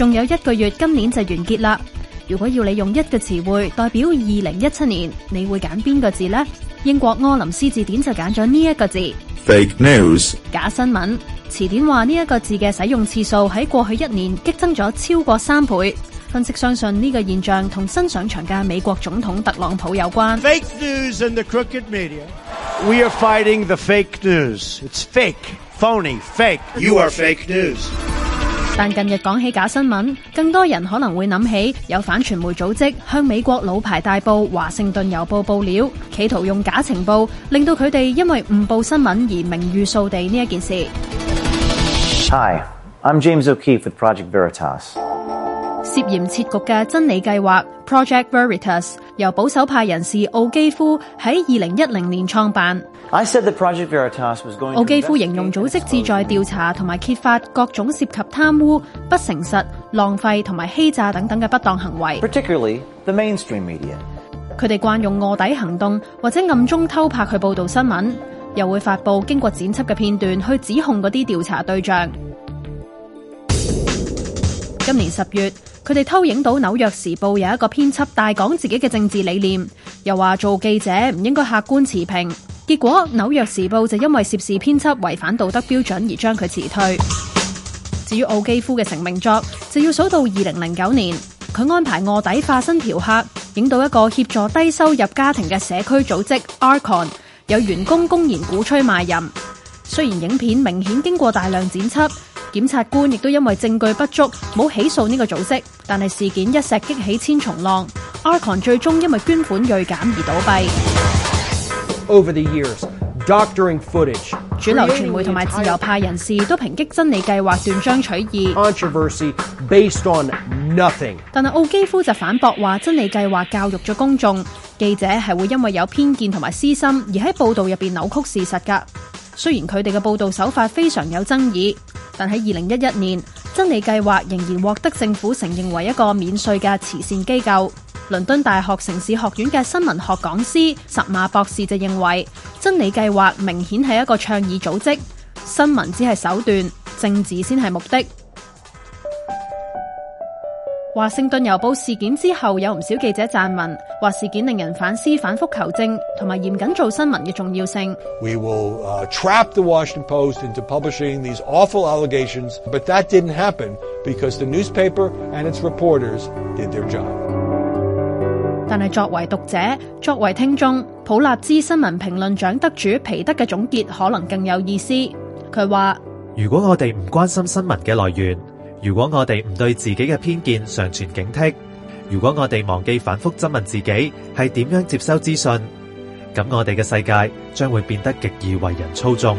仲有一個月，今年就完結啦。如果要你用一個詞彙代表二零一七年，你會揀邊個字呢？英國柯林斯字典就揀咗呢一個字，fake news，假新聞。詞典話呢一個字嘅使用次數喺過去一年激增咗超過三倍。分析相信呢個現象同新上場嘅美國總統特朗普有關。Fake news in the crooked media. We are fighting the fake news. It's fake, phony, fake. You are fake news. 但近日講起假新聞，更多人可能會諗起有反傳媒組織向美國老牌大報華盛頓郵報報料，企圖用假情報令到佢哋因為誤報新聞而名譽掃地呢一件事。Hi，I'm James O'Keefe with Project Veritas。涉嫌設局嘅真理計劃 （Project Veritas） 由保守派人士奧基夫喺二零一零年創辦。奧基夫形容組織志在調查同埋揭發各種涉及貪污、不誠實、浪費同埋欺詐等等嘅不當行為。Particularly the mainstream media。佢哋慣用臥底行動或者暗中偷拍去報道新聞，又會發佈經過剪輯嘅片段去指控嗰啲調查對象。今年十月，佢哋偷影到《紐約時報》有一個編輯大講自己嘅政治理念，又話做記者唔應該客觀持平。結果《紐約時報》就因為涉事編輯違反道德標準而將佢辭退。至於奧基夫嘅成名作，就要數到二零零九年，佢安排臥底化身嫖客，影到一個協助低收入家庭嘅社區組織 ACORN 有員工公然鼓吹賣淫。雖然影片明顯經過大量剪輯，檢察官亦都因為證據不足冇起訴呢個組織，但係事件一石激起千重浪，ACORN 最終因為捐款銳減而倒閉。Over the years, doctoring footage。主流傳媒同埋自由派人士都抨擊真理計劃斷章取義。based on nothing。但係奧基夫就反駁話，真理計劃教育咗公眾，記者係會因為有偏見同埋私心而喺報道入邊扭曲事實㗎。雖然佢哋嘅報道手法非常有爭議，但喺二零一一年，真理計劃仍然獲得政府承認為一個免稅嘅慈善機構。倫敦大學城市學院嘅新聞學講師什馬博士就認為，真理計劃明顯係一個倡議組織，新聞只係手段，政治先係目的。華盛頓郵報事件之後，有唔少記者撰文，話事件令人反思，反復求證同埋嚴謹做新聞嘅重要性。We will, uh, trap the Washington Post into publishing these awful allegations, but that didn't happen because the newspaper and its reporters did their job. 但係作為讀者、作為聽眾，普立茲新聞評論獎得主皮德嘅總結可能更有意思。佢話：如果我哋唔關心新聞嘅來源，如果我哋唔對自己嘅偏見常存警惕，如果我哋忘記反復質問自己係點樣接收資訊，咁我哋嘅世界將會變得極易為人操縱。